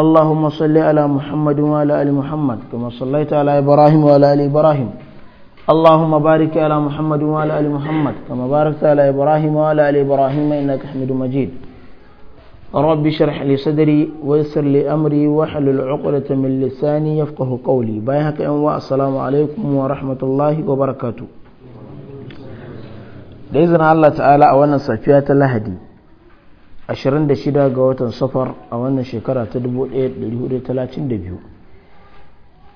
اللهم صل على محمد وعلى آل محمد كما صليت على إبراهيم وعلى آل إبراهيم اللهم بارك على محمد وعلى آل محمد كما باركت على إبراهيم وعلى آل إبراهيم إنك حميد مجيد رب اشرح لي صدري ويسر لي أمري واحلل عقدة من لساني يفقه قولي بايهك أنواع السلام عليكم ورحمة الله وبركاته da izinin Allah ta'ala a wannan safiya ta lahadi 26 ga watan safar a wannan shekara ta 1432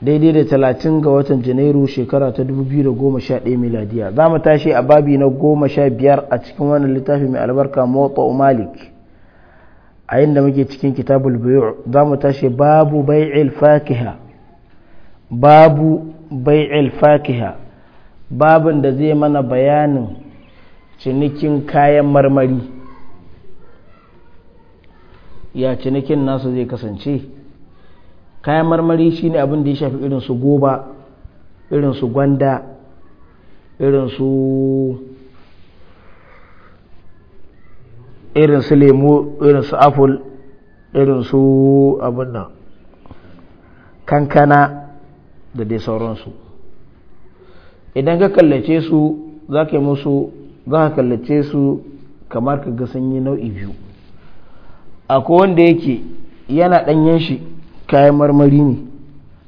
daidai da 30 ga watan janairu shekara ta 2011 miladiya za mu tashi a babi na 15 a cikin wannan littafi mai albarka motsa malik a yin da muke cikin kitabul bayu za mu tashi babu bai'il fakiha babu bai'il fakiha babin da zai mana bayanin cinikin kayan marmari ya cinikin nasu zai kasance kayan marmari shi ne abin da ya shafi irin su goba irin su gwanda irin su lemu irin su apple irin su abin nan kankana da dai sauransu idan ka kallace su za ka yi musu za ka kallace su kamar ka ga sun yi nau'i biyu akwai wanda yake yana ɗanyen shi kayan marmari ne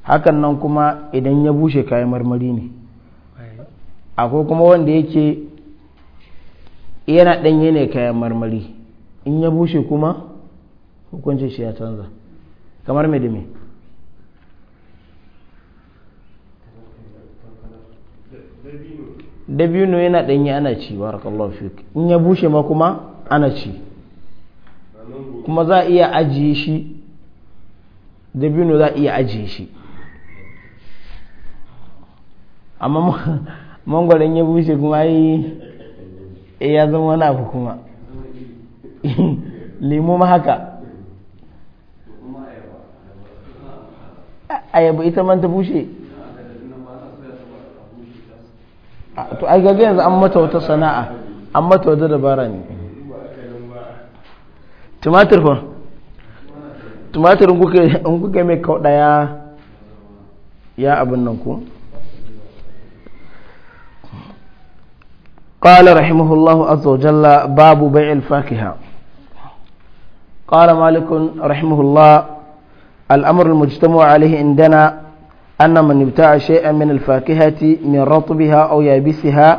hakan nan kuma idan ya bushe kayan marmari ne akwai kuma wanda yake yana ɗanye ne kayan marmari in ya bushe kuma hukuncin shi ya canza kamar mai da mai dabino yana ɗanye ana ci wa in ya bushe ma kuma ana ci kuma za a iya ajiye shi dabino za a iya ajiye shi amma mangwaron ya bushe kuma yi eh, ya zama wani abu kuma limu ma haka ayaba ita man ta bushe to ai gaga yanzu an mata wata sana'a an mata wata dabara ne tumatir fa tumatir in kuka mai kauɗa ya abin nan ku قال رحمه الله عز وجل باب بيع الفاكهة قال مالك رحمه الله الأمر المجتمع عليه عندنا أن من ابتاع شيئا من الفاكهة من رطبها أو يابسها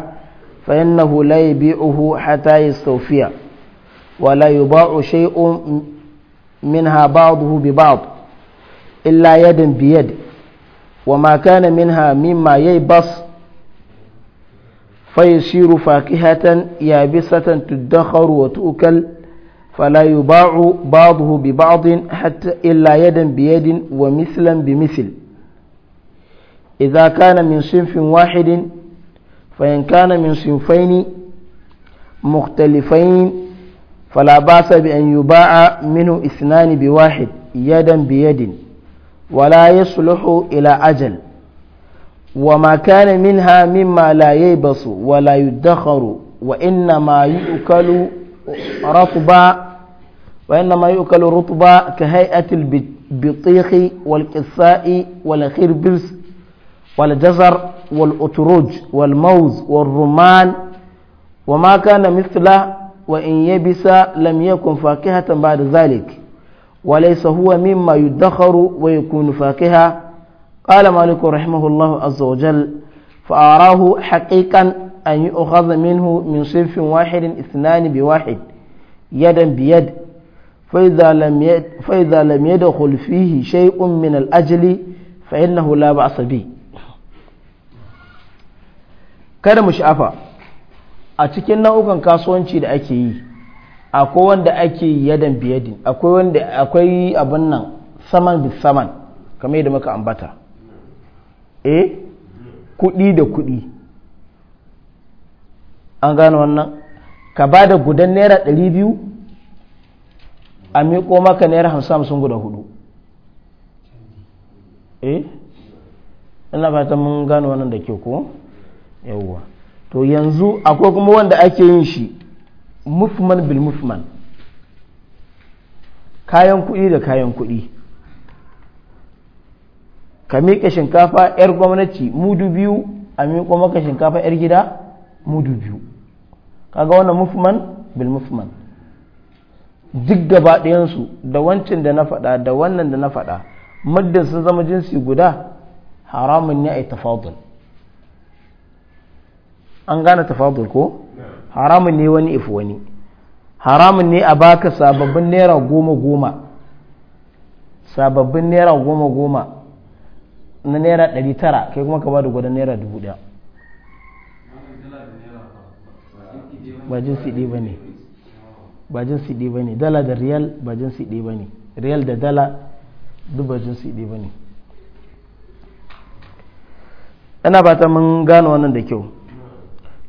فإنه لا يبيعه حتى يستوفيه ولا يباع شيء منها بعضه ببعض إلا يد بيد وما كان منها مما ييبس فيصير فاكهة يابسة تدخر وتؤكل فلا يباع بعضه ببعض حتى إلا يدا بيد ومثلا بمثل إذا كان من صنف واحد فإن كان من صنفين مختلفين فلا باس بأن يباع منه اثنان بواحد يدا بيد ولا يصلح إلى أجل وما كان منها مما لا ييبس ولا يدخر وإنما يؤكل رطبا وإنما يؤكل رطبا كهيئة البطيخ والقصاء والخربس والجزر والأتروج والموز والرمان وما كان مثله وإن يبس لم يكن فاكهة بعد ذلك وليس هو مما يدخر ويكون فاكهة قال مالك رحمه الله عز وجل فأراه حقيقا أن يؤخذ منه من صنف واحد اثنان بواحد يدا بيد فإذا لم, يد فإذا لم يدخل فيه شيء من الأجل فإنه لا بأس به kada mu a cikin nau'ukan kasuwanci da ake yi akwai wanda ake yi yadan biyadin akwai wanda akwai abin nan saman bi saman kamar yadda muka ambata eh kudi da kudi an gane wannan ka ba da gudan naira biyu a miƙo maka naira hamsin hamsin guda hudu eh ina fata mun gane wannan da ke ko yawwa to yanzu akwai kuma wanda ake yin shi mufman bil mufman kayan kuɗi da kayan kuɗi ka miƙa shinkafa 'yar gwamnati mudu biyu a miƙo maka shinkafa 'yar gida mudu biyu kaga wannan mufman bil mufman duk gaba ɗayansu da wancan da na faɗa da wannan da na faɗa muddin sun zama jinsi guda haramun ne a yi tafadul an gane tafadul ko haramun ne wani if wani haramun ne a baka sababbin naira goma goma sababbin naira goma goma na naira ɗari tara kai kuma ka ba da gwadon naira dubu ɗaya ba jinsi ɗi ba ne ba jinsi ɗi ba ne dala da riyal ba jinsi ɗi ba ne riyal da dala duk ba jinsi ɗi ba ne ana ba ta mun gano wannan da kyau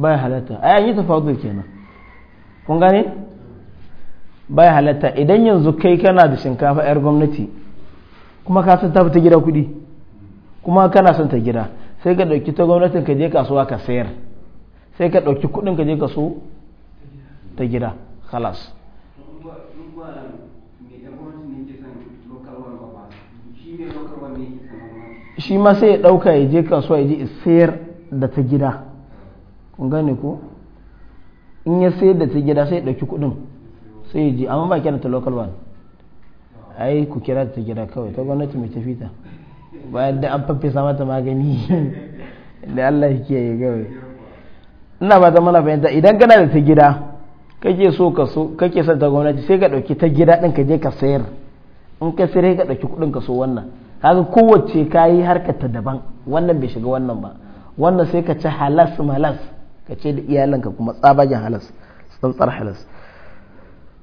bai halatta a an yi tafadul kenan kun gane bai halatta idan yanzu kai kana da shinkafa yar gwamnati kuma ka san ta fita gida kuɗi kuma kana son ta gida sai ka ɗauki ta gwamnatin ka je kasuwa ka sayar sai ka ɗauki kuɗin ka je ka so ta gida halas shi ma sai ya ɗauka ya je kasuwa ya je sayar da ta gida kun gane ko in ya sayar da ta gida sai ya ɗauki kuɗin sai ya ji amma ba kira ta local one ai ku kira ta gida kawai ta gwamnati mai tafi ta bayan da an faffesa mata magani da Allah yake yi kawai ina ba ta mana fahimta idan kana da ta gida kake so ka so kake son ta gwamnati sai ka ɗauki ta gida ɗin ka je ka sayar in ka sayar ka ɗauki kuɗin ka so wannan haka kowace kayi harkar ta daban wannan bai shiga wannan ba wannan sai ka ci halas malas ka ce da iyalanka kuma tsabagen halas tsantsar halas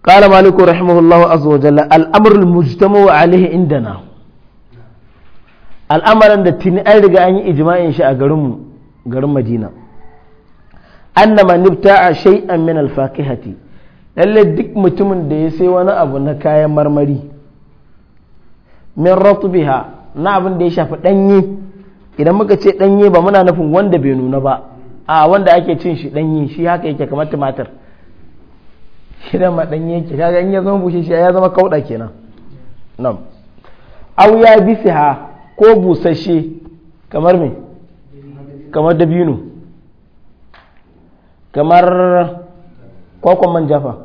rahimahullahu مالك رحمه jalla al'amarin mujtama wa alihi inda na. al'amarin da tuni an riga an yi ijma'in shi a garin garin Madina anna man a shay'an min al-faqihati lalle duk mutumin da ya sai wani abu na kayan marmari min ratbiha na abin da ya shafi danye idan muka ce danye ba muna nufin wanda bai nuna ba a wanda ake cin shi danye shi haka yake kamar tumatir shi da ma danye yake kaga in ya zama bushe shi ya zama kauda kenan nan aw ya bisiha ko busashe kamar me kamar dabino kamar kwakwan manja fa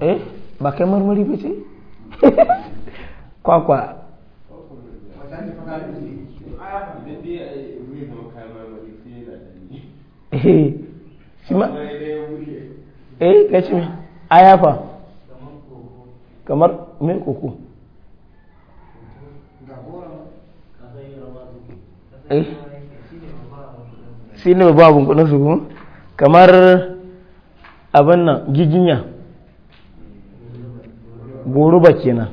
eh ba kai marmari ba ce kwakwa eh kai eh, shi eh, ayafa kamar koko eh. shi kudin su kamar abin nan giginya goruba kenan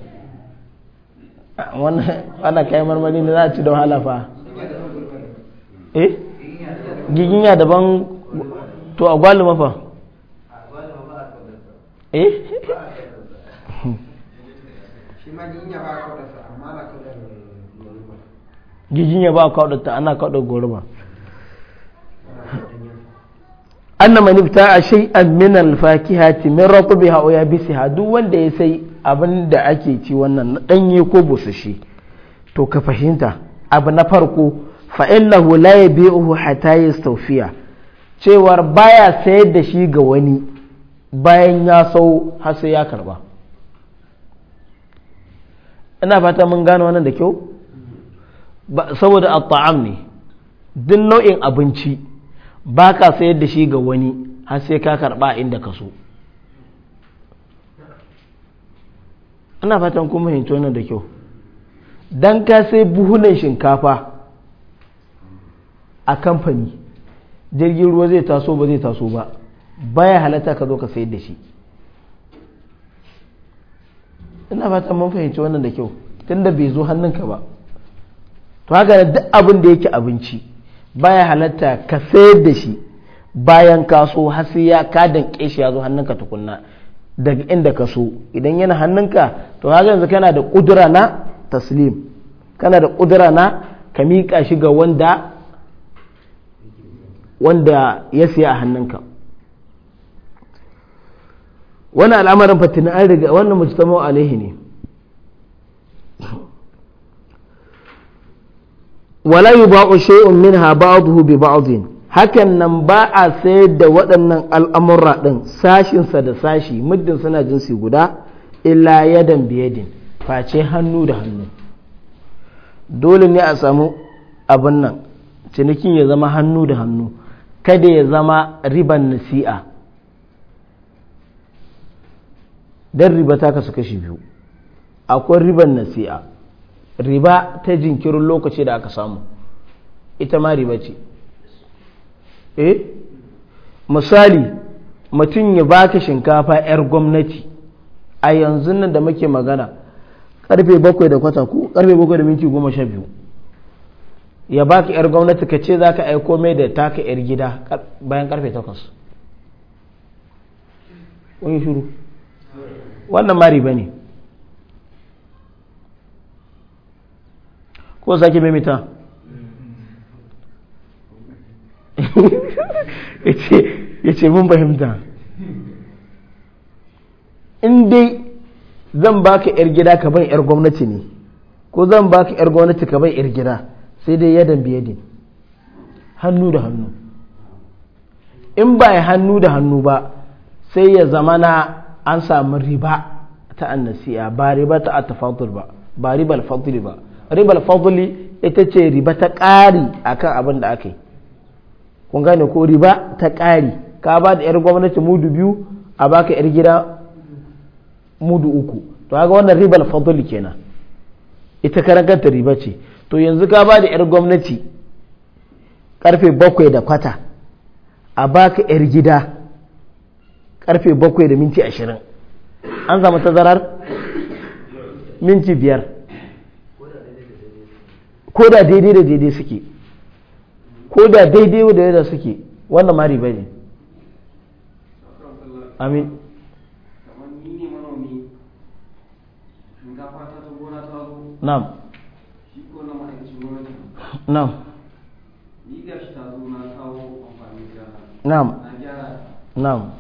wannan kayan marmari ne za a ci don halafa eh giginya daban to a gwalu mafa eh giginya ba a kaudata ana kaudar goruba anna man ibta'a shay'an min al-fakihati min ratbiha aw yabisiha duk wanda ya sai abin da ake ci wannan na ɗanye ko busasshe to ka fahimta abu na farko fa'illahu la biyu bi'uhu hata yi staufiya cewar baya sayar da shi ga wani bayan ya sau har sai ya karba ina fata mun gano wannan da kyau saboda a taam ne duk nau'in abinci ba ka sayar da shi ga wani har sai ka karba inda ka so ana fatan kuma hinto wannan da kyau don ka sai buhunan shinkafa a kamfani jirgin ruwa zai taso ba zai taso ba baya halatta ka zo ka sayar da shi ina fatan mun fahimci wannan da kyau tunda bai zo hannunka ba to haka duk abin da yake abinci baya halatta ka sayar da shi bayan ka so har sai ya ka danke shi ya zo hannunka tukunna daga inda ka so idan yana hannunka to haka yanzu kana da ƙudura na taslim kana da ƙudura na ka miƙa shi ga wanda wanda ya siya a hannunka wani al'amarin fatina an riga wannan mujtama alaihi ne wala yuba'u shay'un minha ba'dahu bi ba'dhin hakan nan ba a sayar da waɗannan al'amurra ɗin sashinsa da sashi muddin suna jinsi guda illa yadan biyadin face hannu da hannu dole ne a samu abin nan cinikin ya zama hannu da hannu kada ya zama riban nasi'a don riba ta kasu kashi biyu akwai riban nasi'a riba ta jinkirin lokaci da aka samu ita ma riba ce eh misali mutum ya baka shinkafa 'yar gwamnati a yanzu nan da muke magana karfe bakwai da kwata ko karfe bakwai da minti goma sha biyu ya baka 'yar gwamnati ka ce za ka aiko mai da taka 'yar gida bayan karfe takwas wani shuru wannan mari ba ne ko sake mimita ya ce mun fahimta in dai zan baka yar gida ka ban yar gwamnati ne ko zan baka yar gwamnati ka ban yar gida sai dai yadan biyadin hannu da hannu in ba ya hannu da hannu ba sai ya zama na an samu riba ta annasiya ba riba ta atafadul ba ba riba alfadli ba riba alfadli ita ce riba ta ƙari akan abin da aka yi kun gane ko riba ta ƙari ka ba da 'yar gwamnati mudu biyu a baka 'yar gida mudu uku to haka wannan ribar fadl kenan ita karan riba ce to yanzu ka ba da 'yar gwamnati karfe bakwai da kwata a baka 'yar gida karfe bakwai da minti ashirin an zama tazarar minti biyar ko da daidai da daidai suke ko da daidai da yadda suke wannan ma riba ne amin na'am na'am na'am na'am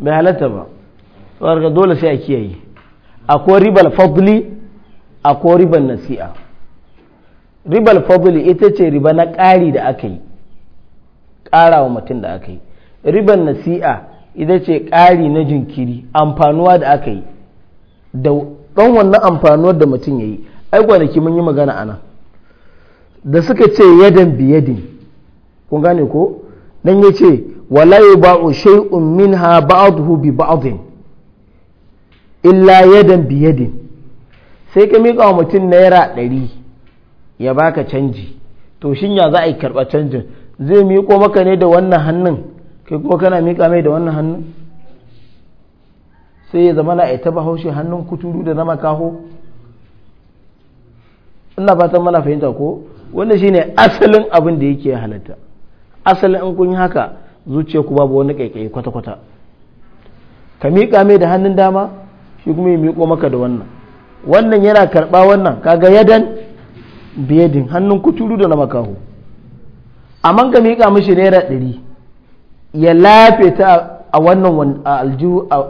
bai halatta ba ga dole sai a kiyaye akwai ribar fadli akwai ribar nasi'a ribal fadli ita ce riba na ƙari da aka yi ƙarawa mutum da aka yi ribar nasi'a ita ce ƙari na jinkiri amfanuwa da aka yi da ɗan wannan amfanuwar da mutum ya yi ai kwanaki mun yi magana ana da suka ce yadan biyadin kun gane ko dan ya ce wala ba'u shay'un minha ba'dahu bi ba'din illa yadan biyadin sai ka miƙa wa mutum naira ɗari ya baka canji to shin ya za a yi karɓa canjin zai miƙo maka ne da wannan hannun kai kuma kana miƙa mai da wannan hannun sai ya zama na a taba haushe hannun kuturu da na makaho ina fatan mana fahimta ko wanda shine asalin abin da yake halatta asalin in kun yi haka zuciya ku babu wani kaikai kwata-kwata ka miƙa mai da hannun dama shi kuma ya miƙo maka da wannan wannan yana karɓa wannan kaga yadan biyadin hannun kuturu da na makaho amma ka miƙa mishi naira ɗari ya lafe ta a wannan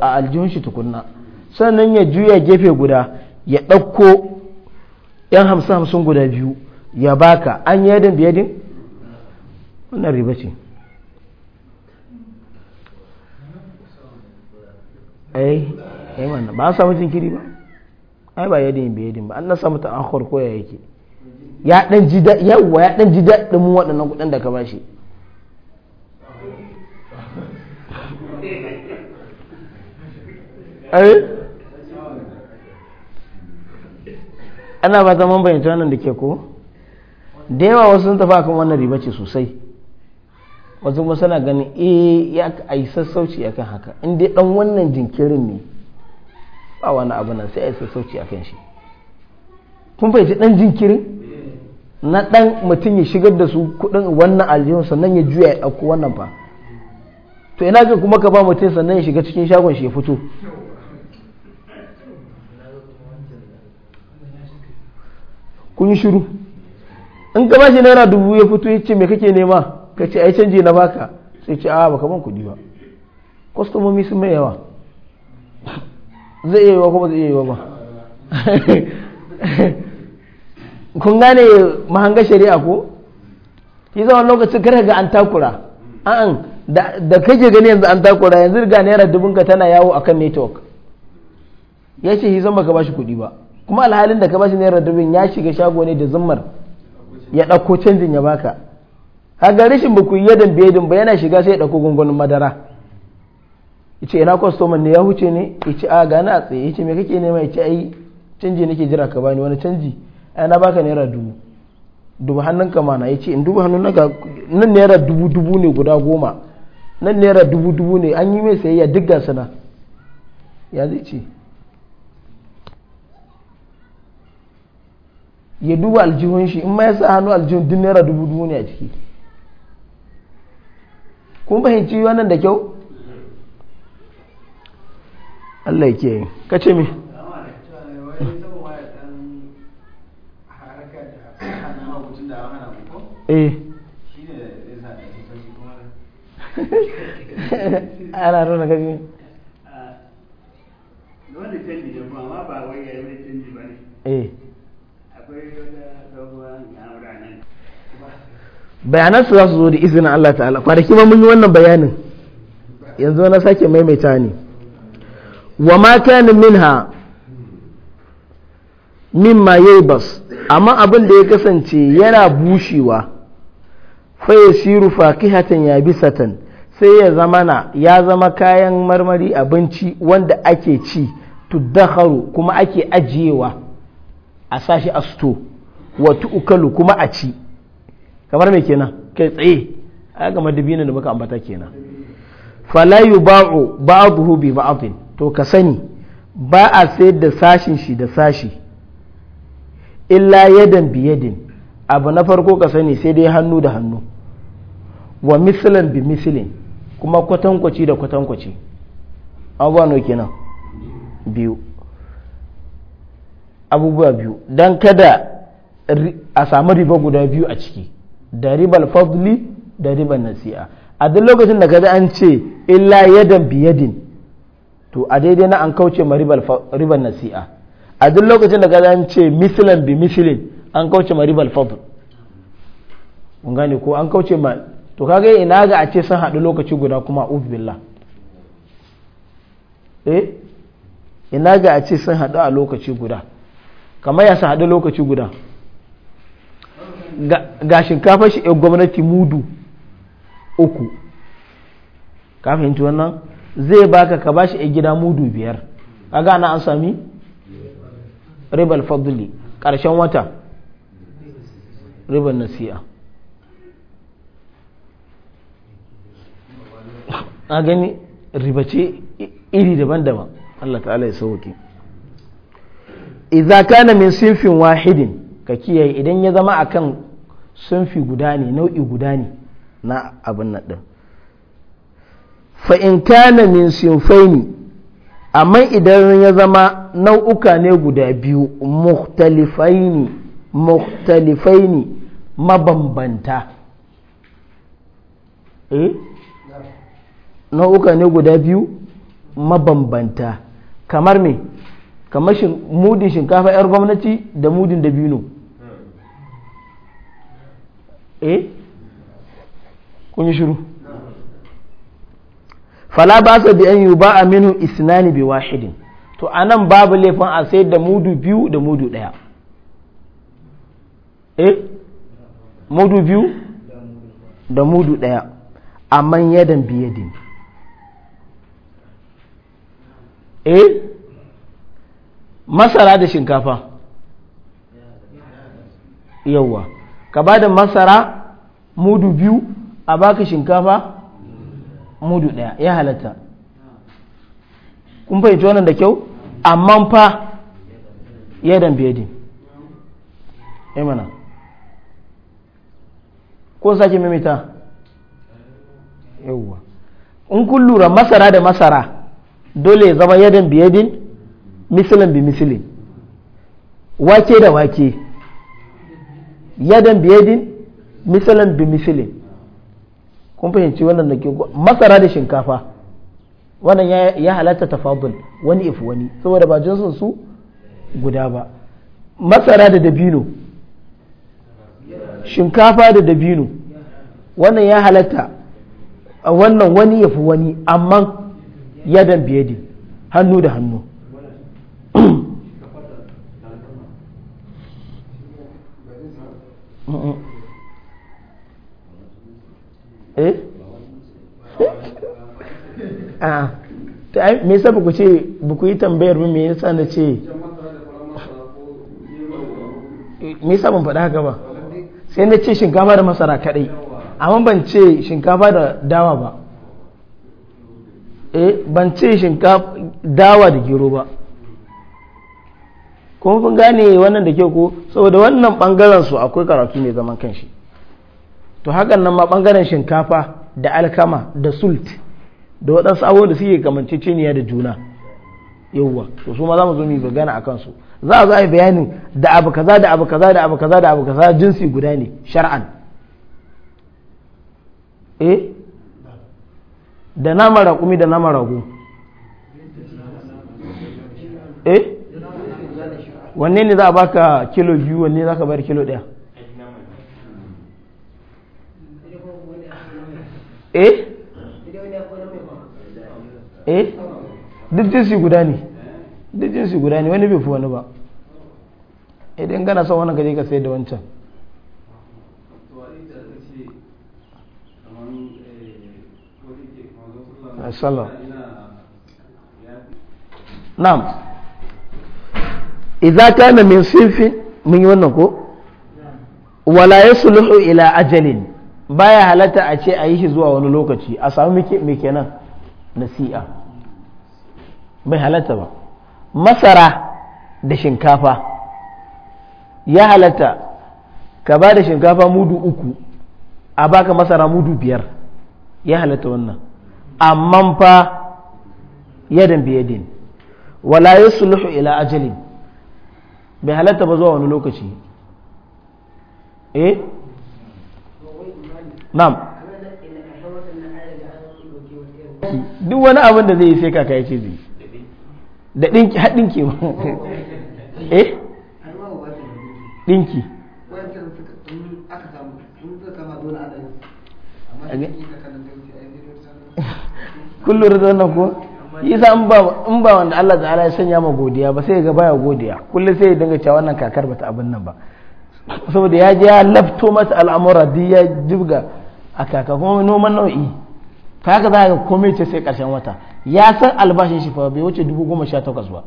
aljihun shi tukunna sannan ya juya gefe guda ya ɗauko yan hamsin hamsin guda biyu ya baka an yi yadin biyadin wannan riba ce eh, eh ai ba a samu jinkiri ba ai ba yadin biyadin ba an na samu ta an ko ya yake ya dan ji da yawa ya dan ji daɗin mu waɗannan kuɗin da ka bashi shi. Eh? ana ba zaman bayyanta wannan da ke ko da yawa wasu sun tafi akan wannan riba ce sosai wasu kuma suna ganin eh ya ai sassauci akan haka in dai dan wannan jinkirin ne ba wani abu nan sai ai sassauci akan shi kun fahimci dan jinkirin na ɗan mutum ya shigar da su kuɗin wannan aljihun sannan ya juya ya wannan fa to ina ga kuma ka ba mutum sannan ya shiga cikin shagon shi ya fito kun yi shiru in ka bashi naira dubu ya fito ya ce me kake nema ka ce ai canje na baka sai ce a baka ban kuɗi ba kwastomomi sun mai yawa zai iya yiwa kuma zai iya yiwa ba kun gane mahanga shari'a ko shi zama lokacin kar ga an takura an da kake gani yanzu an takura yanzu ga naira dubun ka tana yawo akan network ya ce shi zama ka bashi kuɗi ba kuma alhalin da ka bashi naira dubun ya shiga shago ne da zummar ya ɗauko canjin ya baka kaga rashin ba ku yi yadda biye ba yana shiga sai ya ɗauko gungunin madara yace ina kwastoman ne ya huce ne ce a gane a tsaye ce me kake nema ce ai canji nake jira ka bani wani canji ai na baka naira dubu dubu hannun ka mana ya ce in dubu hannun naka nan naira dubu dubu ne guda goma nan naira dubu dubu ne an yi mai sayayya duk ga sana ya zai ce ya duba aljihun shi in ma ya sa hannu aljihun duk naira dubu dubu ne a ciki kun fahimci wannan da kyau mm-hmm. Allah ya ke ka ce me Eh. ana rona gaji ah, ne eh. bayanansu za su zo da izinin Allah ta'ala kwanaki ma mun yi wannan bayanin yanzu na sake maimaita ne wa ma kana minha mimma yaybas amma abin da ya kasance yana bushewa fa yasiru fakihatan yabisatan sai ya na ya zama kayan marmari abinci wanda ake ci tuddakharu kuma ake ajiyewa a sashi a sto wa tu'kalu kuma a ci kamar me kenan kai tsaye a gama dabinin da muka ambata kenan fala yuba'u ba'dahu bi ba'din to ka sani ba a sayar da sashin shi da sashi illa yadan bi yadin abu na farko ka sani sai dai hannu da hannu wa misalin bi misalin kuma kwatankwaci da kwatankwaci abubuwa no kenan biyu abubuwa biyu don kada a samu riba guda biyu a ciki da ribar fadli da ribar nasi'a a duk lokacin da kada an ce illa yadan biyadin to a daidai na an kauce ma ribar nasi'a a duk lokacin da kada an ce misalin bi misalin an kauce ma ribar fadli gane ko an kauce ma to kaga ina ga a ce sun haɗu lokaci guda kuma uf billah eh ina ga a ce sun haɗu a lokaci guda kamar ya sun haɗu lokaci guda ga shinkafa shi yan eh, gwamnati mudu uku ka fahimci wannan zai baka ka bashi a gida mudu biyar kaga ana an sami ribal fadli ƙarshen wata ribal nasi'a a gani ribace iri daban-daban Allah ta'ala ya sauke idza kana min sinfin wahidin ka kiyaye idan ya zama akan sunfi guda ne nau'i guda ne na abin nan din fa in kana min sinfaini amma idan ya zama nau'uka ne guda biyu mukhtalifaini mukhtalifaini mabambanta eh nau'uka ne guda biyu mabambanta kamar me kamar mudin shinkafa 'yar gwamnati da mudin biyu eh kun yi shiru fala ba sa bi an yi ba a minu isnani bi wahidin to anan babu laifin a sai da mudu biyu da mudu ɗaya eh mudu biyu da mudu ɗaya amman yadan biyadin eh masara da shinkafa yawwa ka ba da masara mudu biyu a baka shinkafa mudu ɗaya ya halatta kun fahimci wannan da kyau amma fa yadan biyadin ya eh mana ko sake mimita yawwa in kun lura masara da masara dole ya zama yadan bi yadin misilin bi misilin wake da wake yadan bi yadin misilin bi misilin kun fahimci wannan da ke masara da shinkafa wannan ya halatta tafadul wani if wani saboda ba jinsin su guda ba masara da dabino shinkafa da dabino wannan ya halatta wannan wani ya fi wani amma yadan biyadi hannu da hannu eh ah, ta ai me yasa ku ce ku yi tambayar mu me yasa na ce me yasa ban faɗa haka ba sai na ce shinkafa da masara kadai amma ban ce shinkafa da dawa ba eh ban ce shinkafa dawa da gero ba kuma kun gane wannan da ke ko saboda wannan bangaren su akwai karatu mai zaman kanshi to hakan nan ma bangaren shinkafa da alkama da sult da waɗansu abubuwan da suke kamanceceniya da juna yauwa to su ma za mu zo mu yi gane akan su za a zo a yi bayanin da abu kaza da abu kaza da abu kaza da abu kaza jinsi guda ne shar'an eh da nama raƙumi da nama rago eh wanne ne za a baka kilo biyu wanne za ka bar kilo ɗaya eh eh duk jinsi guda ne duk jinsi guda ne wani bai fi wani ba idan gana son wannan kaje ka sayar da wancan sallam na'am idza kana min sinfi mun yi wannan ko wala yasluhu ila ajalin baya halatta a ce a yi shi zuwa wani lokaci a samu me kenan nasi'a bai halatta ba masara da shinkafa ya halatta ka ba da shinkafa mudu uku a baka masara mudu biyar ya halatta wannan amma fa yadan biyadin wala yusluhu ila ajalin bai halatta ba zuwa wani lokaci eh nam duk wani abin da zai yi sai kaka ya ce zai da dinki har dinki ma eh dinki kullum da ko isa in ba wanda Allah ta'ala ya sanya ma godiya ba sai ga baya godiya kullum sai ya dinga cewa wannan kakar bata abin nan ba saboda ya je ya lafto mata al'amura duk ya jibga a kaka kuma noman nau'i ta haka za ka komai ce sai karshen wata ya san albashin shi fa bai wuce dubu goma sha takwas ba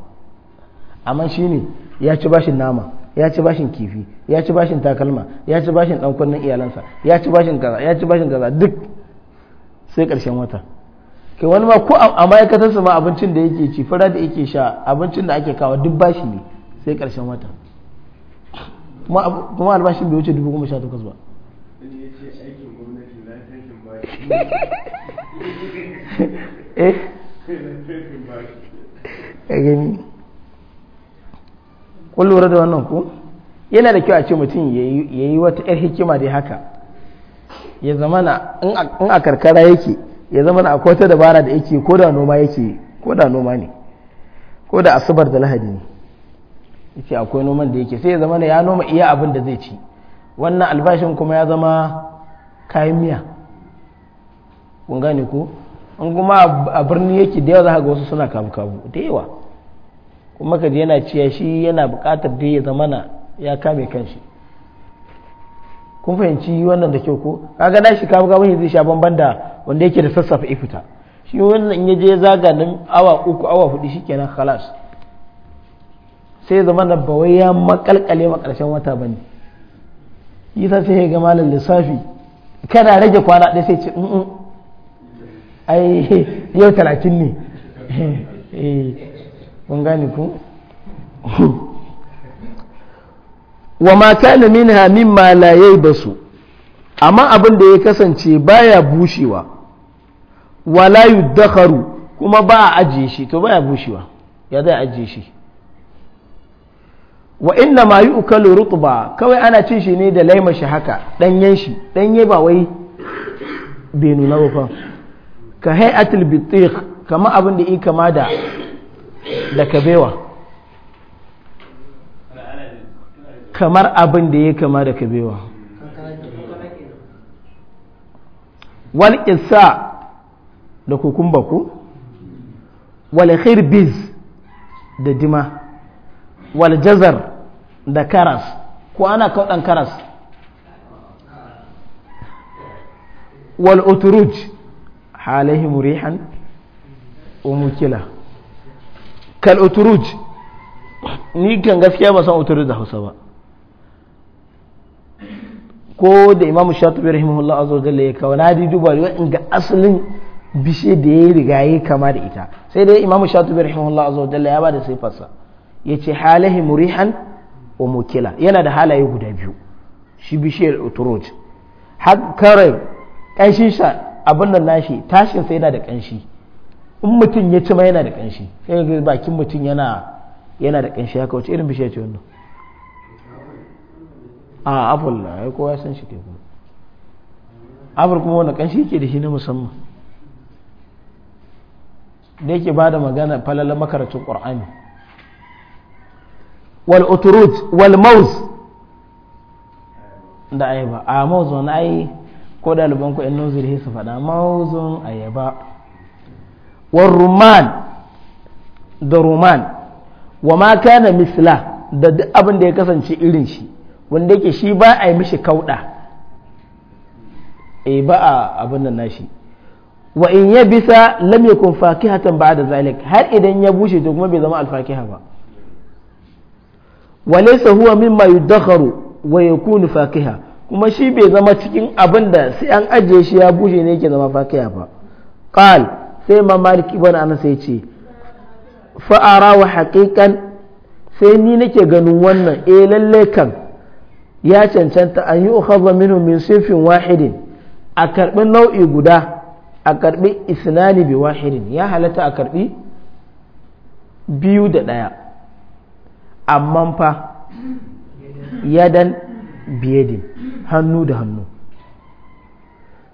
amma shi ne ya ci bashin nama ya ci bashin kifi ya ci bashin takalma ya ci bashin ɗan kunnen iyalansa ya ci bashin kaza ya ci bashin kaza duk sai karshen wata kai wani ma ko a ma'aikatarsa ma abincin da yake ci fara da yake sha abincin da ake kawo duk bashi ne sai karshen wata kuma albashin bai wuce dubu goma sha takwas ba eh kun lura da wannan ku yana da kyau a ce mutum ya yi wata 'yar hikima dai haka ya zamana in a karkara yake ya zama na akwai ta dabara da yake ko da noma yake ko da noma ne ko da asubar da lahadi ne yake akwai noman da yake sai ya zama ya noma iya abin da zai ci wannan albashin kuma ya zama kayan miya kun gane ko in kuma a birni yake da yawa za ga wasu suna kabu kabu da yawa kuma kaji yana ciya shi yana buƙatar da ya zamana ya kame kanshi kun fahimci wannan da kyau ko kaga na shi kabu kabu zai sha bamban da wanda yake da sassafe ifita shi wannan ya je zaga nan awa uku awa hudu kenan khalas sai zama da bawai ya makalkale ma karshen wata bane yasa sai ya ga malam lissafi kana rage kwana ɗaya sai ce mm, mm. ai yau talatin ne eh, kun gane ku wa ma kana minha mimma la yaybasu amma abin da ya kasance baya bushewa wala yuddakharu kuma ba a ajiye shi to baya bushewa ya zai ajiye shi wa inna ma yu'kalu rutba kawai ana cin shi ne da laima shi haka danyen shi danye ba wai bai nuna ba fa ka hay'atul bitikh kama abin da yake kama da da kabewa kamar abin da yake kama da kabewa wal isa. da kukumba ku wal da dima Waljazar da karas ko ana kaɗan karas wal utruj murihan umukila kal ni kan gaskiya ba san utruj da hausa ba ko da imamu shatubi rahimahullah azza ya kawo na di duba wa ga asalin bishe da ya riga ya kama da ita sai dai imam shatubi rahimahullah azza wajalla ya bada sifarsa yace halahi murihan wa mukila yana da halaye guda biyu shi bishe uturuj har kare kanshin sa abin nan nashi tashin sai yana da kanshi in mutum ya ci ma yana da kanshi sai ga bakin mutum yana yana da kanshi haka wace irin bishiya ce wannan a apple ai kowa san shi ke kuma kuma wani kanshi yake da shi na musamman da yake bada magana falalar makarantar ƙur'ani wal uturut wal maus da ayaba a mauzon ai ko alban ku yan nozuri su faɗa mauzon ayaba wal ruman da ruman wa ma kana misla da duk abin da ya kasance irin shi wanda yake shi ba a yi mishi kauɗa e ba a abin nan nashi wa in ya bisa lam yakun fakihatan da zalik har idan ya bushe to kuma bai zama alfakiha ba wa laysa huwa mimma yudakharu wa yakunu fakiha kuma shi bai zama cikin abin da sai an ajiye shi ya bushe ne yake zama fakiha ba qal sai ma malik ibn anas ya ce fa ara wa haqiqan sai ni nake ganin wannan eh lalle kan ya cancanta an yi ukhadha minhu min sifin wahidin a karɓi nau'i guda a karbi isnani bi wahidin ya halatta a karbi biyu da ɗaya amma fa yadan biyadin hannu da hannu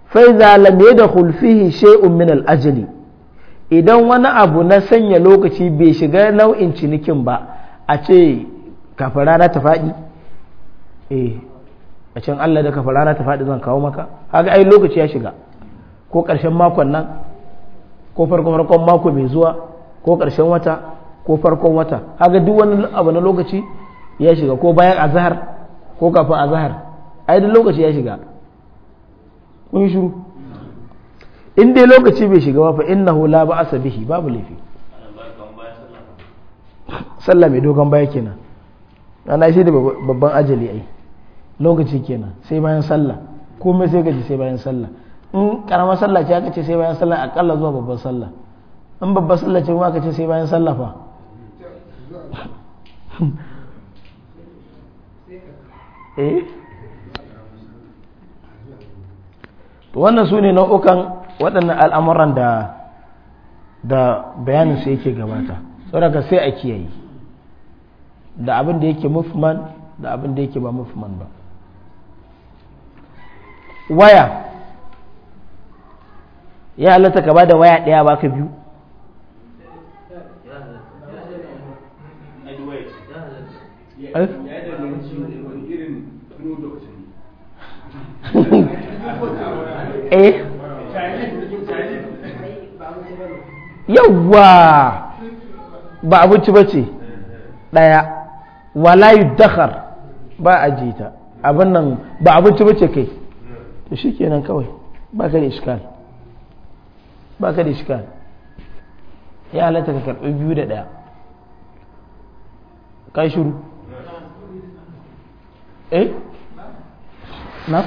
faiza lam yadkhul fihi shay'un min al-ajli idan wani abu na sanya lokaci bai shiga nau'in cinikin ba a ce kafin rana ta faɗi eh a can Allah da kafin rana ta faɗi zan kawo maka haka ai lokaci ya shiga ko ƙarshen makon nan ko farkon farkon mako mai zuwa ko ƙarshen wata ko farkon wata haka duk wani abu na lokaci ya shiga ko bayan azahar ko kafin azahar ai duk lokaci ya shiga kun shiru in dai lokaci bai shiga ba inna hula ba ba'asa bihi babu laifi sallah mai dogon baya kenan ana shi da babban ajali ai lokaci kenan sai bayan sallah komai sai gaji sai bayan sallah in karamar sallah ce aka ce sai bayan sallah akalla zuwa babban sallah in babban sallah ce kuma aka ce sai bayan sallah fa eh to wannan su ne nau'ukan waɗannan al'amuran da da bayanin su yake gabata saboda sai a kiyaye da abin da yake mufman da abin da yake ba mufman ba waya ya halatta ka ba da waya ɗaya ba ka biyu eh? yawwa ba abinci ba ce ɗaya wala yi dakhar ba a jita abin nan ba abinci ba ce kai to shi kenan kawai ba ka da iskali ba ka da shikan ya halatta ka karɓi biyu da ɗaya ka shiru eh na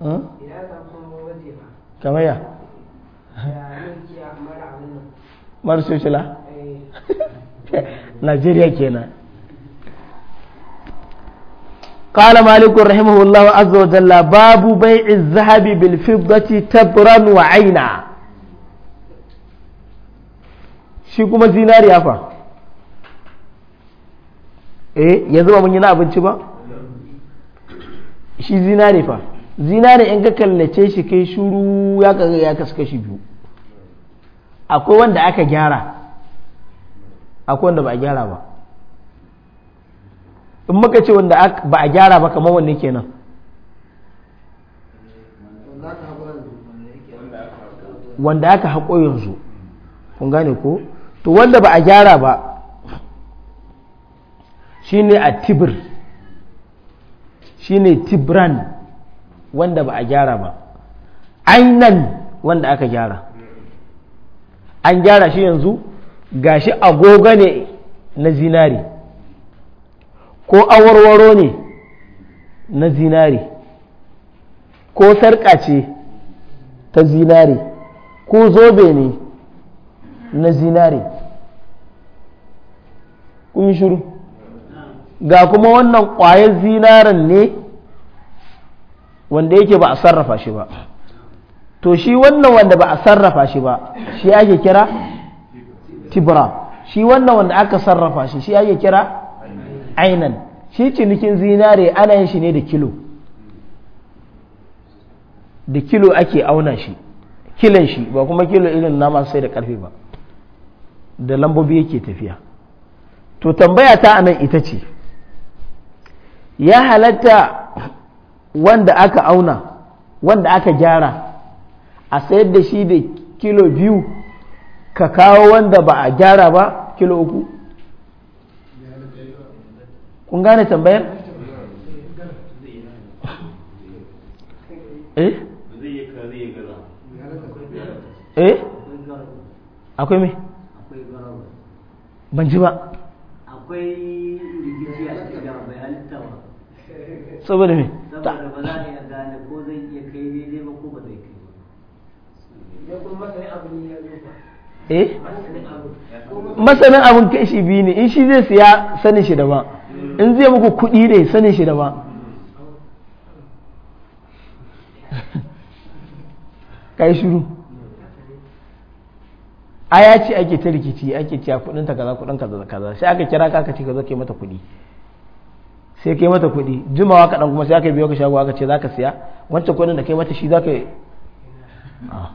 hmm? kama ya mara nigeria eh. najeriya kenan قال مالك رحمه الله عز وجل باب بيع الذهب بالفضة تبرا وعينا shi kuma zinariya fa eh yanzu ba mun yi na abinci ba shi zinari fa zinari in ka kallace shi kai shuru ya kaga ya kasu biyu akwai wanda aka gyara akwai wanda ba a gyara ba in muka ce wanda ba a gyara ba kamar wanne kenan wanda aka haƙo yanzu kun gane ko to wanda ba a gyara ba shine a tibir shine tibran wanda ba a gyara ba ainan wanda aka gyara an gyara shi yanzu gashi agoga ne na zinari ko awarwaro ne na zinari ko sarƙa ce ta zinari ko zobe ne na zinari kun shuru shiru ga kuma wannan ƙwayar zinarin ne wanda yake ba a sarrafa shi ba to shi wannan wanda ba a sarrafa shi ba shi ake kira tibra shi wannan wanda aka sarrafa shi shi ake kira ainan shi cinikin zinare ana yin shi ne da kilo da kilo ake auna shi kilon shi ba kuma kilo irin nama sai da karfe ba da lambobi yake tafiya to tambaya ta anan ita ce ya halatta wanda aka auna wanda aka gyara a sayar da shi da kilo biyu ka kawo wanda ba a gyara ba kilo uku kun gane tambayar eh eh akwai me ban ji ba akwai rikici a cikin bai halitta ba saboda me saboda ba za a gane ko zai iya kai ne ba ko ba zai kai ba ya kuma masanin abin kai shi biyu ne in shi zai siya sanin shi daban in zai muku kuɗi ne sanin shi da ba ka yi shuru a ya ce ake ta rikici ake ciya kudin ta kaza kudin kaza kaza sai aka kira ka aka ce ka zo mata kuɗi sai kai mata kuɗi jimawa kaɗan kuma sai aka biyo ka shago aka ce za ka siya wancan kuɗin da kai mata shi za ka yi ah.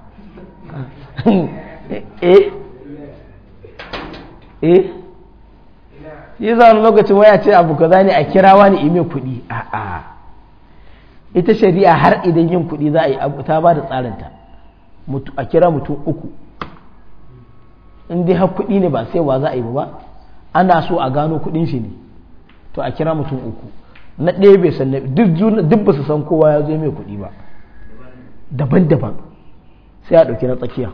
eh eh yi za wani lokacin waya ce abu ka zane a kira wani ime kuɗi a'a ita shari'a har idan yin kuɗi za a yi abu ta ba da tsarinta a kira mutum uku in dai har kuɗi ne ba sai wa za a yi ba ana so a gano kuɗin shi ne to a kira mutum uku na ɗaya bai san duk ba su san kowa ya zo mai kuɗi ba daban-daban sai a ɗauki na tsakiya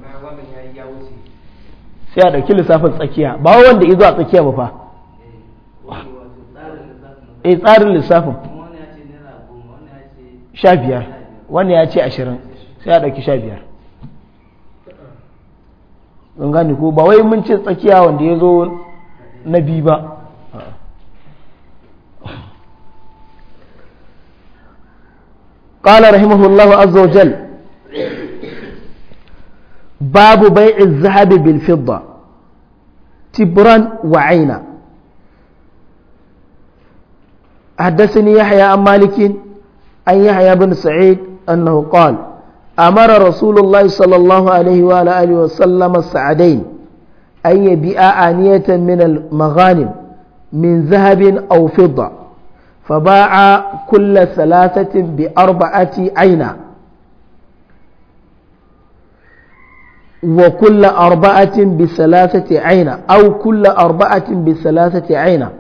sai a ɗauki lissafin tsakiya ba wanda izo a tsakiya ba fa eh tsarin lissafin sha biyar wani ya ce ashirin sai a ɗauki sha biyar don gani ko ba wai mun ce tsakiya wanda ya zo na biyu ba قال رحمه الله babu وجل باب بيع الذهب بالفضة تبرا وعينا حدثني يحيى عن مالك عن يحيى بن سعيد أنه قال أمر رسول الله صلى الله عليه وعلى آله وسلم السعدين أن يبيع آنية من المغانم من ذهب أو فضة فباع كل ثلاثة بأربعة عينا وكل أربعة بثلاثة عينا أو كل أربعة بثلاثة عينا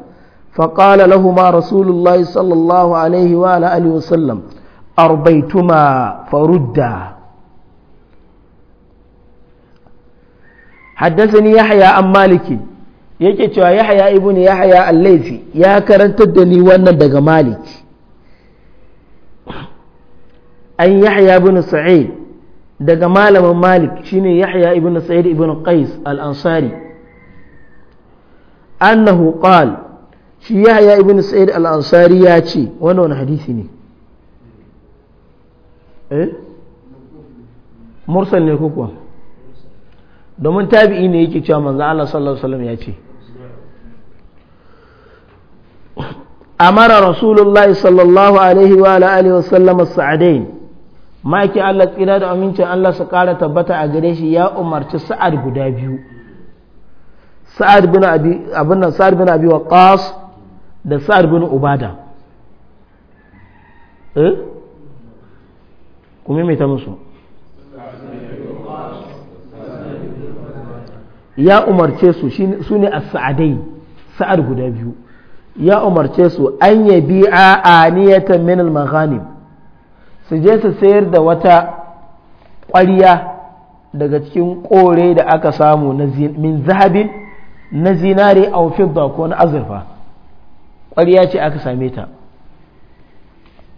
فقال لهما رسول الله صلى الله عليه وعلى آله وسلم أربيتما فردا حدثني يحيى عن مالك yake cewa yahya ibn yahya al-laifi ya karantar da ni wannan daga malik an yahya ibn sa'id daga malamin malik shine yahya ibn sa'id ibn qais al-ansari annahu qala shi haya ibn sa'id al-ansari ya ce wani wani hadisi ne eh mursal ne ko kuwa domin tabi'i ne yake cewa manzo Allah sallallahu alaihi wasallam ya ce amara rasulullahi sallallahu alaihi wa alihi wasallam as-sa'dain maki Allah tsira da amincin Allah su kara tabbata a gare shi ya umarci sa'ad guda biyu sa'ad bin abi abin nan sa'ad bin abi waqas da sa'ad bin ubada eh kuma mai ta musu ya umarce su su ne a sa'adai sa'ad guda biyu ya umarce su an ya bi'a aniyatan min al-maghanim su je su sayar da wata ƙwariya daga cikin ƙore da aka samu min zahabin na zinare a wufin ko na azurfa ƙwariya ce aka same ta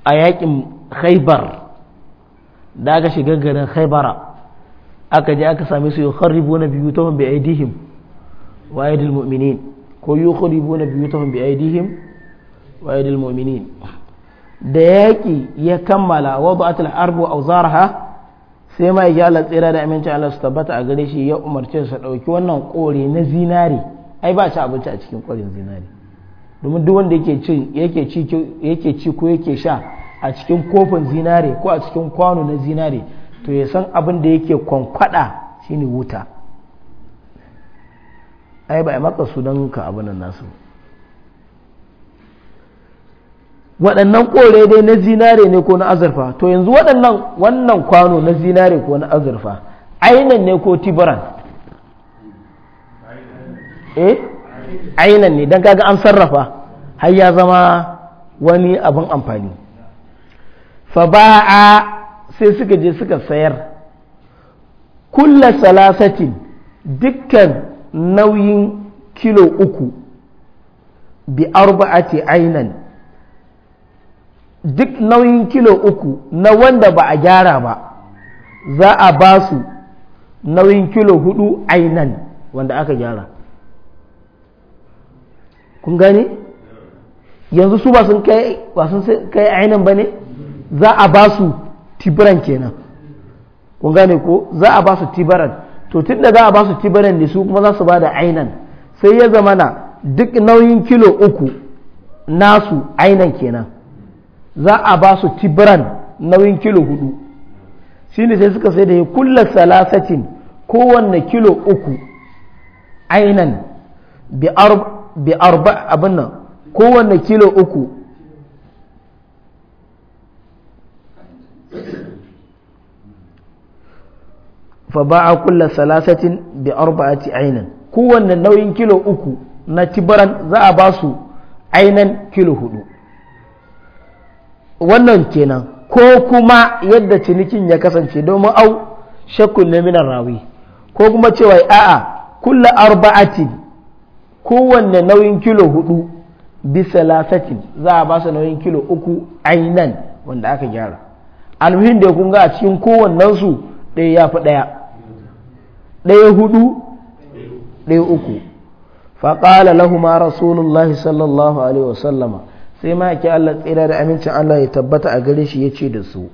a yakin khaibar da aka shiga garin khaibara aka je aka same su yukharribu na biyu ta bi aidihim wa aidil mu'minin ko yukharribu na biyu ta bi aidihim wa aidil mu'minin da yaƙi ya kammala wada'at al-arbu awzaraha sai ma ya Allah tsira da amincin Allah su tabbata a gare shi ya umarce su dauki wannan kore na zinari ai ba ci abinci a cikin korin zinari domin duk wanda yake ci yake ko yake sha a cikin kofin zinare ko a cikin kwano na zinare to ya san abin da yake kwankwada shine wuta ai ba a maka sunan ka abin nasu waɗannan kore dai na zinare ne ko na azurfa to yanzu waɗannan wannan kwano na zinare ko na azurfa ainan ne ko tiburan. eh ainan ne don kaga an sarrafa har ya zama wani abin amfani fa a sai suka je suka sayar kulla salasatin dukkan nauyin kilo uku bi arba'ati ainan duk nauyin kilo uku na wanda ba a gyara ba za a ba su nauyin kilo hudu ainan wanda aka gyara kun gane yanzu su ba sun kai ba sun kai ainihin ba ne za a ba su tibiran kenan kun gane ko za a ba su tibiran to tun da za a ba su tibiran ne su kuma za su ba da ainihin sai ya zama na duk nauyin kilo uku nasu ainihin kenan za a ba su tibiran nauyin kilo hudu ne sai suka sai da ya kulla salasacin kowanne kilo uku ainihin bi bi arba abin nan kowanne kilo uku fa ba'a kulla salasatin bi arba'ati ainin, kowanne nauyin kilo uku na tibaran za a ba su ainan kilo hudu wannan kenan ko kuma yadda cinikin ya kasance domin au shakkun ne minan rawi ko kuma cewa a'a kulla arba'atin kowanne nauyin kilo hudu bisa lasatin za a basa nauyin kilo uku ainan wanda aka gyara alhuhin da ya kunga a cikin kowannensu ɗaya ya fi ɗaya ɗaya hudu ɗaya uku faƙala lahuma rasulullahi sallallahu alaihi wasallama sai ma ake Allah tsira da amincin Allah ya tabbata a gare shi ya ce da su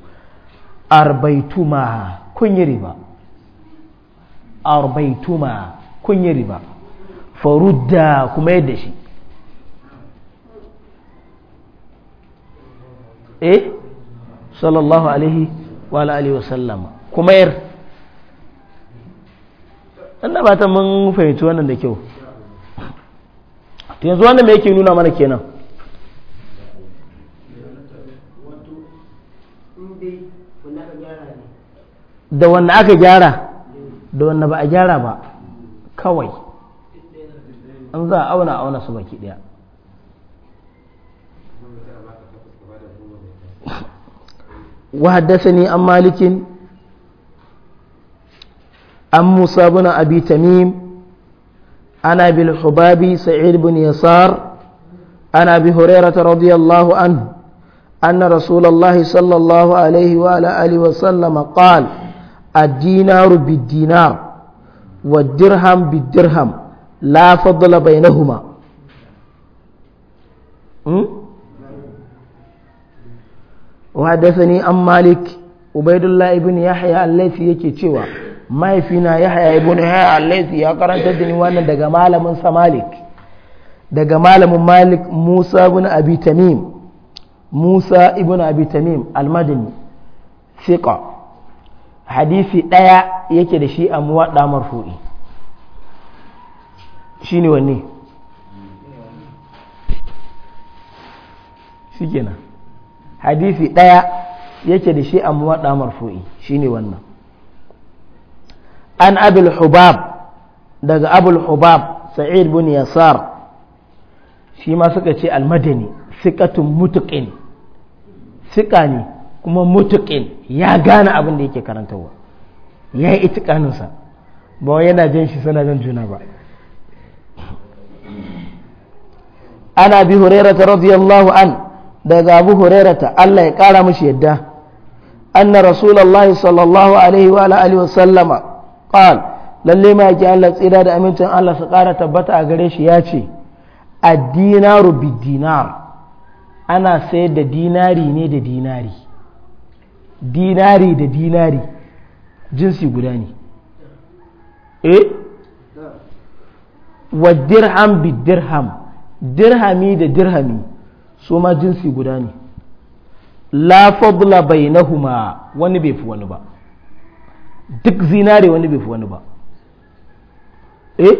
arbaituma kun yi arbaituma kun yi riba farudda kuma yadda shi eh sallallahu alaihi wa alihi wasallama kuma yar ina ba ta mun fahimci wannan da kyau yanzu wannan me yake nuna mana kenan da wanda aka gyara da wanda ba a gyara ba kawai in za a auna auna su baki daya وحدثني عن مالك عن موسى بن أبي تميم عن أبي الحباب سعيد بن يسار عن أبي هريرة رضي الله عنه أن رسول الله صلى الله عليه وعلى آله وسلم قال الدينار بالدينار والدرهم بالدرهم la fadla bainahuma وحدثني عن مالك عبيد الله ابن يحيى الليثي yake cewa mahaifina yahya ibn yahya allaisi ya karanta da ni wannan daga malamin sa malik daga malamin malik musa ibn abi tamim musa ibn abi tamim almadini hadisi ɗaya yake da shi a muwadda marfu'i shi ne wanne shi kenan hadisi ɗaya yake da shi amma ɗa marfu'i shi ne wannan an abul hubab daga abul hubab sa'id bin yasar shi ma suka ce almadani sikatun mutuƙin sika ne kuma mutuƙin ya gane abin da yake karantarwa ya yi itikaninsa ba yana jan shi suna jan juna ba ana bi hurairata radiyallahu an daga abu hurairata Allah ya kara mishi yadda anna rasulullahi sallallahu alaihi wa alihi wa sallama qal lalle ma yake Allah tsira da amincin Allah su kara tabbata a gare shi ya ce ad-dinaru bid-dinar ana sayar da dinari ne da dinari dinari da dinari jinsi guda ne eh wa dirham bid dirham dirhami da dirhami su ma jinsi guda ne la fadla bainahuma wani bai fi wani ba duk zinare wani bai fi wani ba eh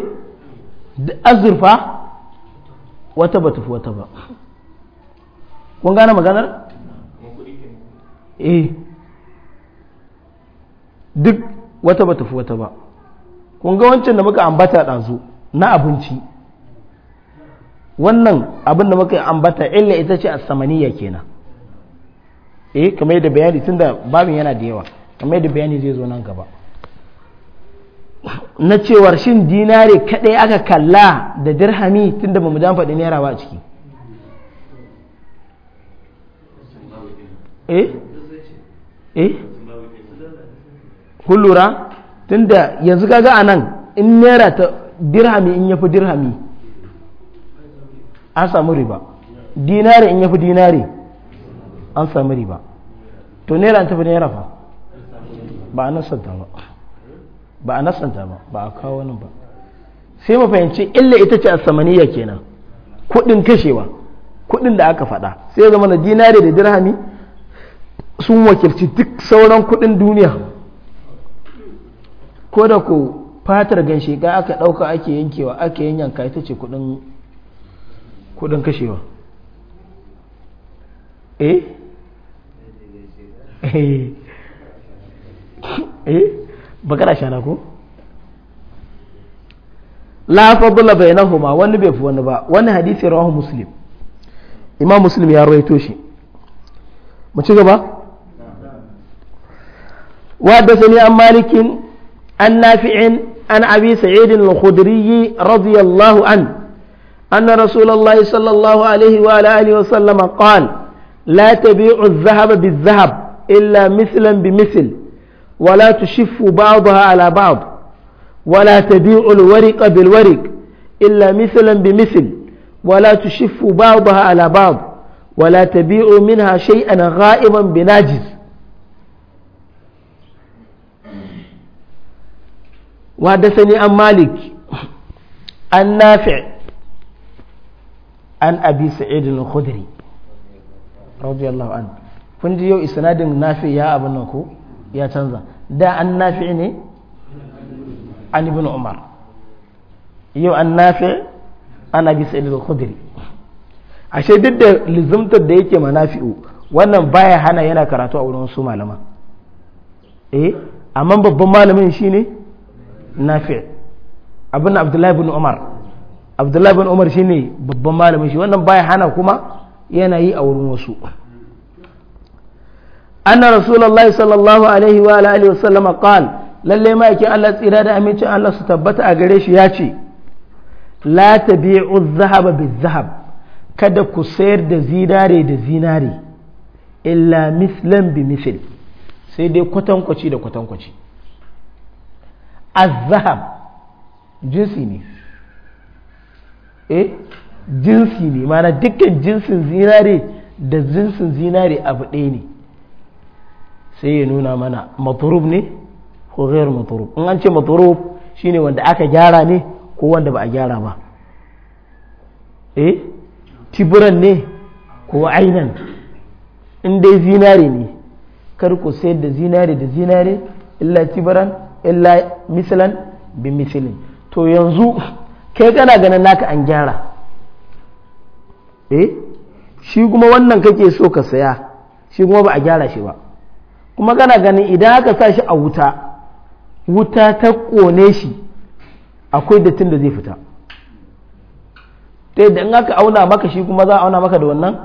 azurfa wata ba tafi wata ba kun gane maganar eh duk wata ba tafi wata ba kun ga wancan da muka ambata ɗazu na abinci wannan abin da muka ambata illa ita ce as kenan eh kamar yadda bayani tunda babin yana da yawa kamar yadda bayani zai zo nan gaba na cewar shin dinare kadai aka kalla da dirhami tunda bamu dan faɗi naira ba a ciki eh eh kullura tunda yanzu kaga anan in naira ta dirhami in yafi dirhami an samu riba dinari in yafi dinari an samu riba to naira an tafi naira fa ba a nasanta ba ba a nasanta ba ba a kawo nan ba sai mu fahimci illa ita ce asamaniya kenan kudin kashewa kudin da aka faɗa sai zama na dinari da dirhami sun wakilci duk sauran kudin duniya ko da ko fatar ganshi ga aka ɗauka ake yankewa ake yanyanka ita ce kudin kudin kashewa eh eh. eh bakara shana ko la fadla bainahuma wani bai fi wani ba wani hadisi rawahu muslim imam muslim ya rawaito shi mu ci gaba sani an malikin an nafi'in an abi سعيد al-khudri radiyallahu anhu أن رسول الله صلى الله عليه وعلى آله وسلم قال لا تبيع الذهب بالذهب إلا مثلا بمثل ولا تشف بعضها على بعض ولا تبيع الورق بالورق إلا مثلا بمثل ولا تشف بعضها على بعض ولا تبيع منها شيئا غائبا بناجز وحدثني عن مالك النافع an abi sa'id al-khudri radiyallahu an kun ji yau isnadin nafi ya abin nan ko ya canza da an nafi ne an ibn umar yau an nafi an abi sa'id al-khudri ashe duk da lizumtar da yake manafi'u wannan baya hana yana karatu a wurin wasu malama eh amma babban malamin shine nafi abin abdullahi ibn umar abdullahi bin umar shine babban malamin shi wannan baya hana kuma yana yi a wurin wasu anna rasulullahi sallallahu alaihi wa alihi wa sallama qal lalle ma yake Allah tsira da amincin Allah su tabbata a gare shi ya ce la tabi'u adh-dhahaba bil-dhahab kada ku sayar da zinare da zinare illa mislan bi misl sai dai kwatankwaci da kwatankwaci Azahab, jinsi ne eh jinsi ne mana dukkan jinsin zinare da jinsin zinare abu ɗaya ne sai ya nuna mana maturub ne ko ghayr maturub in an ce maturub shine wanda aka gyara ne ko wanda ba a gyara ba eh tiburan ne ko ainan in dai zinare ne kar ku sayar da zinare da zinare illa tiburan illa misalan bi misalin to yanzu kai kana ganin naka an gyara eh shi kuma wannan kake so ka saya shi kuma ba a gyara shi ba kuma kana ganin idan aka sa shi a wuta wuta ta kone shi akwai dattin da zai fita ta yadda in aka auna maka shi kuma za a auna maka da wannan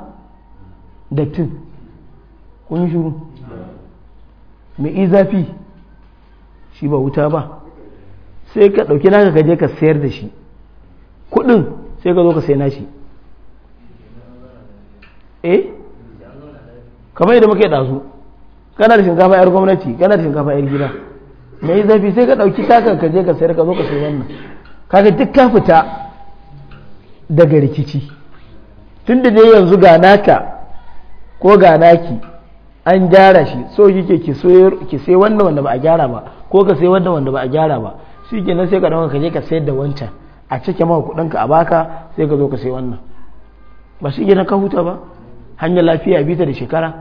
dattin kun shi mai zafi shi ba wuta ba sai ka ɗauki naka ka je ka sayar da shi kuɗin sai ka zo ka sai nashi eh kamar yadda muke ɗazu kana da shinkafa yar gwamnati kana da shinkafa yar gida mai zafi sai ka ɗauki taka ka je ka sayar ka zo ka sai wannan kaga duk ka fita daga rikici tun da dai yanzu ga naka ko ga naki an gyara shi so kike ki sai wanda wanda ba a gyara ba ko ka sai wanda wanda ba a gyara ba shi kenan sai ka ɗauka ka je ka sayar da wancan a cike maka kuɗinka a baka sai ka zo ka sai wannan ba shi gina ka huta ba hanyar lafiya bita da shekara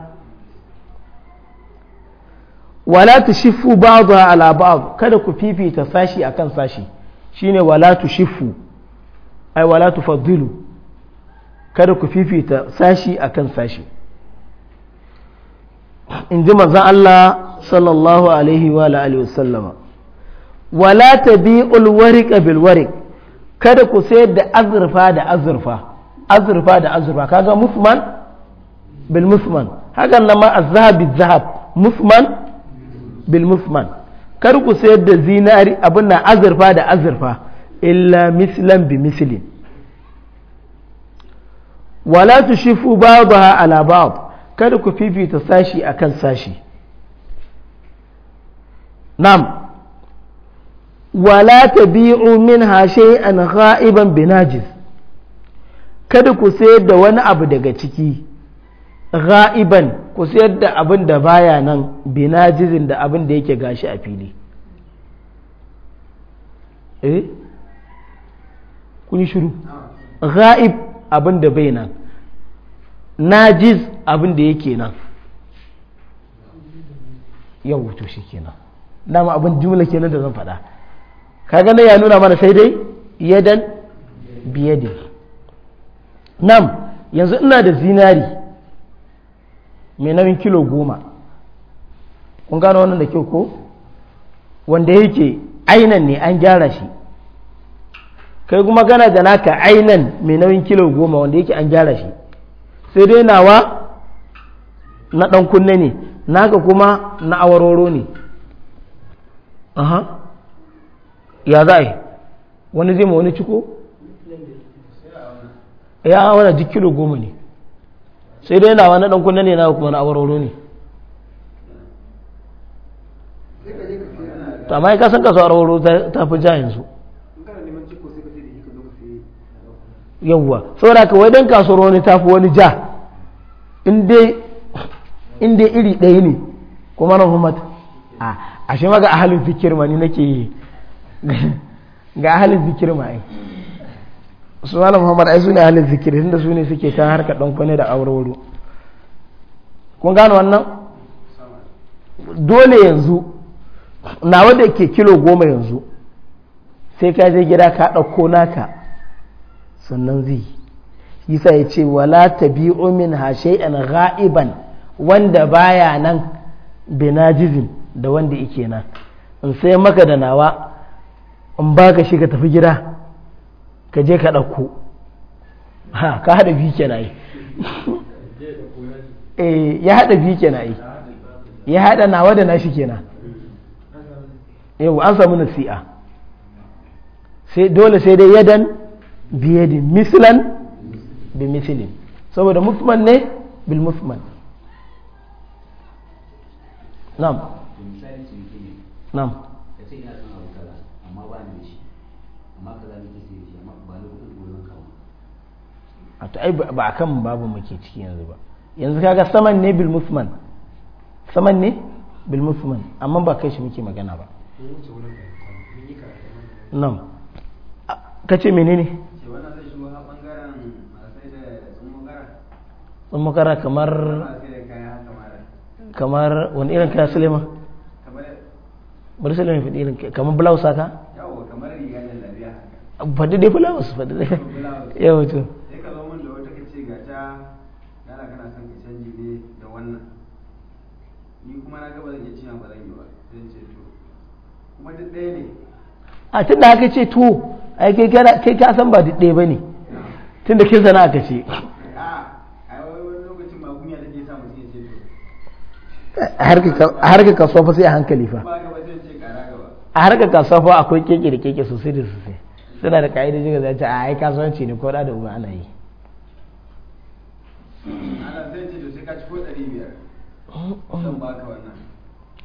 wala shifu ba'dha ala ba'd kada ku fifita sashi akan sashi shine wala shifu ai wala tufaddilu kada ku fifita sashi akan sashi in ji manzon Allah sallallahu alaihi wa alihi wasallama wala tabi'ul wariq bil wariq kada ku sayar da azurfa da azurfa azurfa da azurfa kaga musman bil musman hakan nan ma azhab bil zahab musman bil musman kar ku sayar da zinari abin na azurfa da azurfa illa mislan bi mislin wala tushifu ba'daha ala ba'd kada ku fifita sashi akan sashi nam wala tabi'u hashe an gha'iban binajis kada ku sayar da wani abu daga ciki gha'iban ku sayar da abin da baya nan binajizin da abin da yake gashi a fili eh kun yi shiru ghaib abin da bai nan najiz abin da yake nan yau to shi kenan dama abin jumla kenan da zan faɗa kaga na ya nuna mana sai dai yadan biyadi nam yanzu ina da zinari mai nauyin kilo goma kun gano wannan da kyau ko wanda yake ainan ne an gyara shi kai kuma gana da naka ainan mai nauyin kilo goma wanda yake an gyara shi sai dai nawa na ɗan kunne ne naka kuma na awaroro ne ya za yi wani zai ma wani ciko ya awara duk kilo goma ne sai dai yana wani ɗan kunne ne na kuma na awarwaro ne to amma ka san ka so awarwaro ta fi ja yanzu yawwa da ka wai dan kasuwar wani ta fi wani ja inda iri ɗaya ne kuma na mata a ashe maga ahalin fikir mani nake yi ga ahalin zikir ma ai su malam muhammad ai su ne ahalin zikir tunda su ne suke kan harka dan kone da aurewaro kun gano wannan dole yanzu na wanda ke kilo goma yanzu sai ka je gida ka ɗauko naka sannan zai yi sa ya ce wala tabi'u min hashe an ga'iban wanda baya nan binajizin da wanda ike nan in sai maka da nawa in ba ka shi ka tafi gida ka je ka ɗauko ha ka haɗa biyu kenan yi eh ya haɗa biyu kenan yi ya haɗa nawa da nashi kenan yau an samu nasi'a sai dole sai dai yadan biyadi misilan bi misilin saboda musulman ne bil musulman nam. a ai ba a kan babu muke ciki yanzu ba yanzu kaga saman ne bil musman saman ne bil musman amma ba kai shi muke magana ba nan ka ce menene sun makara kamar kamar wani irin kaya sulema bari sulema fi irin kamar blouse haka fadi dai blouse fadi dai yawancin ni kuma na ba ce to a tunda haka ce to ai kai ka san ba duk ɗaya tun tunda kin sana aka ce ka kasuwa sai a hankali fa a kasuwa akwai keke da keke sosai da sosai suna da ka'idojin da zai ce a yi kasuwanci ne ko da da uba ana yi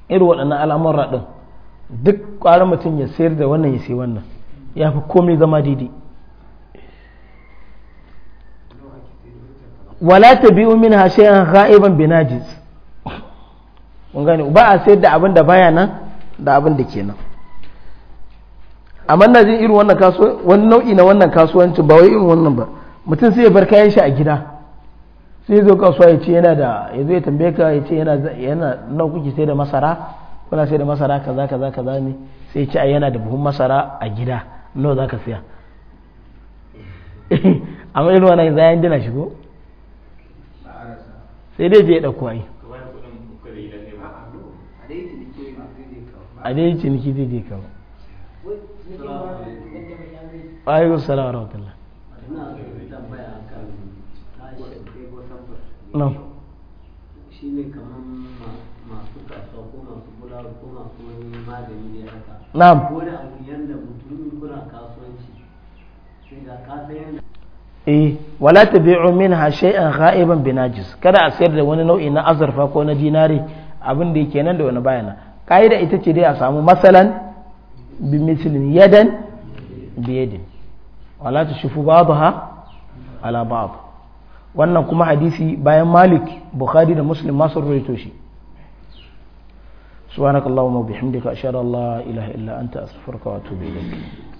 irin waɗannan al'amura raɗin duk ƙwarar mutum ya sayar da wannan ya sayi wannan ya fi komai zama daidai wala ta biyu min hashayan ra'iban binajis kun gane ba a sayar da abin da baya nan da abin da ke nan amma na jin irin wannan kasuwanci wani nau'i na wannan kasuwanci ba wai irin wannan ba mutum sai ya bar kayan shi a gida sai zo kasuwa ya ce yana da ya zo ya tambaye ka ya ce yana nan kuke sai da masara kuna sai da masara kaza kaza kaza ne sai ya ce ai yana da buhun masara a gida nawa za ka siya amma irin wannan zayan dina shigo sai dai je ya ɗauko ai a dai ciniki zai je kawo alaikum salam wa rahmatullah nan shi ne kamar masu kasuwa ko da ga ka eh wala tabi'u minha shay'an gha'iban binajis kada a sayar da wani nau'i na azurfa ko na dinari abin da yake nan da wani bayana ka'ida ita ce dai a samu masalan bi mislin yadan bi yadin wala tushifu ba'daha ala ba'd wannan kuma hadisi bayan malik bukhari da muslim masu rawaito shi subhanakallahumma bihamdika ashhadu an la ilaha illa anta astaghfiruka wa atubu